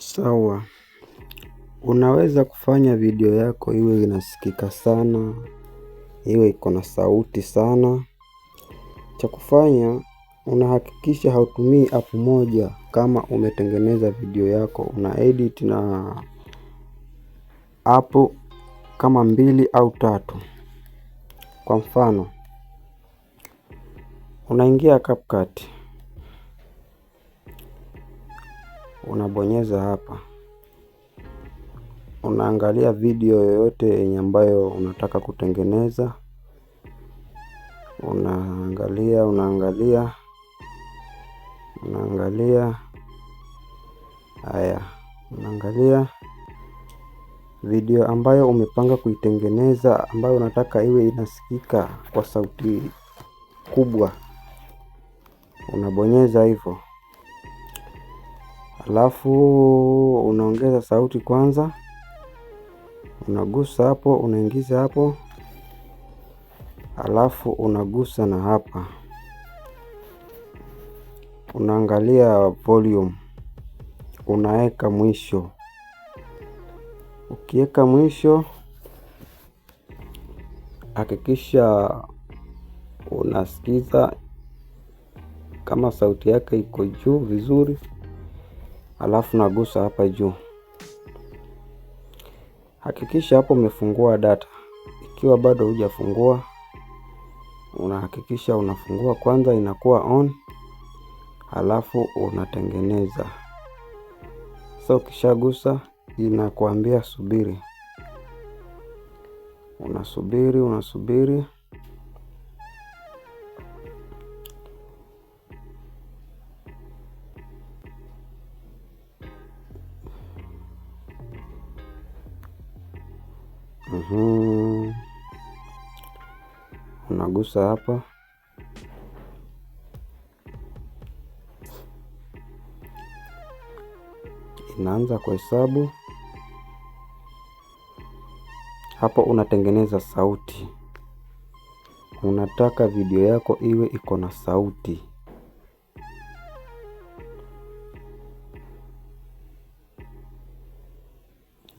Sawa, unaweza kufanya video yako iwe inasikika sana, iwe iko na sauti sana. Cha kufanya unahakikisha hautumii app moja. Kama umetengeneza video yako, una edit na app kama mbili au tatu. Kwa mfano, unaingia CapCut. unabonyeza hapa, unaangalia video yoyote yenye ambayo unataka kutengeneza, unaangalia unaangalia unaangalia, haya, unaangalia video ambayo umepanga kuitengeneza, ambayo unataka iwe inasikika kwa sauti kubwa, unabonyeza hivyo alafu unaongeza sauti kwanza, unagusa hapo, unaingiza hapo, alafu unagusa na hapa, unaangalia volume, unaweka mwisho. Ukiweka mwisho, hakikisha unasikiza kama sauti yake iko juu vizuri alafu nagusa hapa juu. Hakikisha hapo umefungua data. Ikiwa bado hujafungua, unahakikisha unafungua kwanza, inakuwa on, alafu unatengeneza. So ukishagusa inakuambia subiri, unasubiri unasubiri Mhm. unagusa hapa inaanza kuhesabu hapo, unatengeneza sauti. Unataka video yako iwe iko na sauti.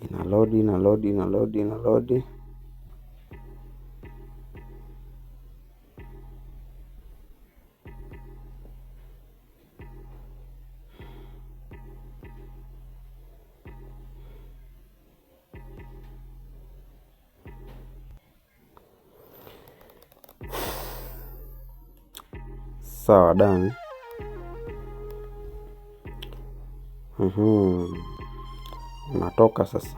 ina ina ina inalodi ina load. sawa dani unatoka sasa,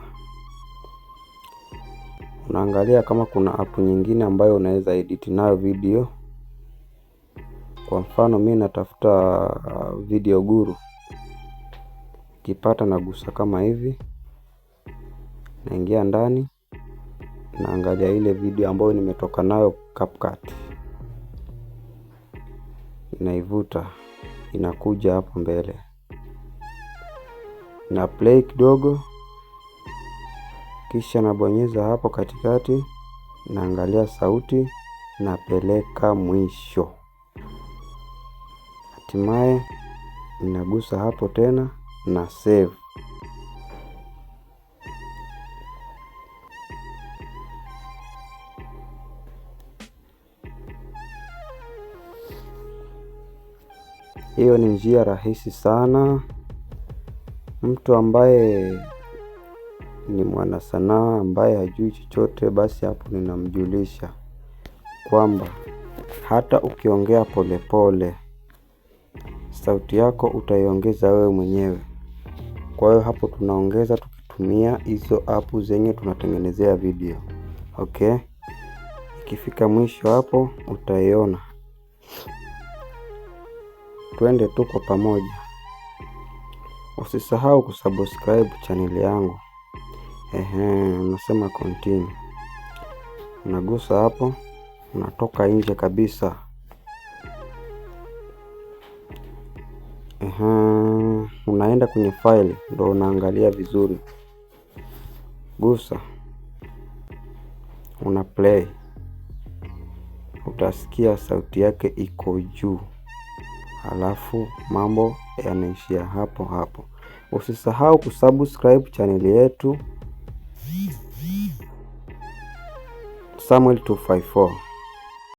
unaangalia kama kuna app nyingine ambayo unaweza edit nayo video. Kwa mfano mi natafuta uh, video guru, kipata nagusa kama hivi, naingia ndani, naangalia ile video ambayo nimetoka nayo CapCut, inaivuta inakuja hapo mbele na play kidogo, kisha nabonyeza hapo katikati, naangalia sauti, napeleka mwisho. Hatimaye ninagusa hapo tena na save. Hiyo ni njia rahisi sana. Mtu ambaye ni mwanasanaa ambaye hajui chochote basi hapo ninamjulisha kwamba hata ukiongea polepole sauti yako utaiongeza wewe mwenyewe. Kwa hiyo hapo tunaongeza tukitumia hizo apu zenye tunatengenezea video. Okay, ikifika mwisho hapo utaiona. Twende tuko pamoja. Usisahau kusubscribe chaneli yangu. Ehe, unasema continue, unagusa hapo, unatoka nje kabisa. Ehe, unaenda kwenye file ndo unaangalia vizuri, gusa, una play, utasikia sauti yake iko juu, halafu mambo yanaishia hapo hapo. Usisahau kusubscribe chaneli yetu Samwel 254.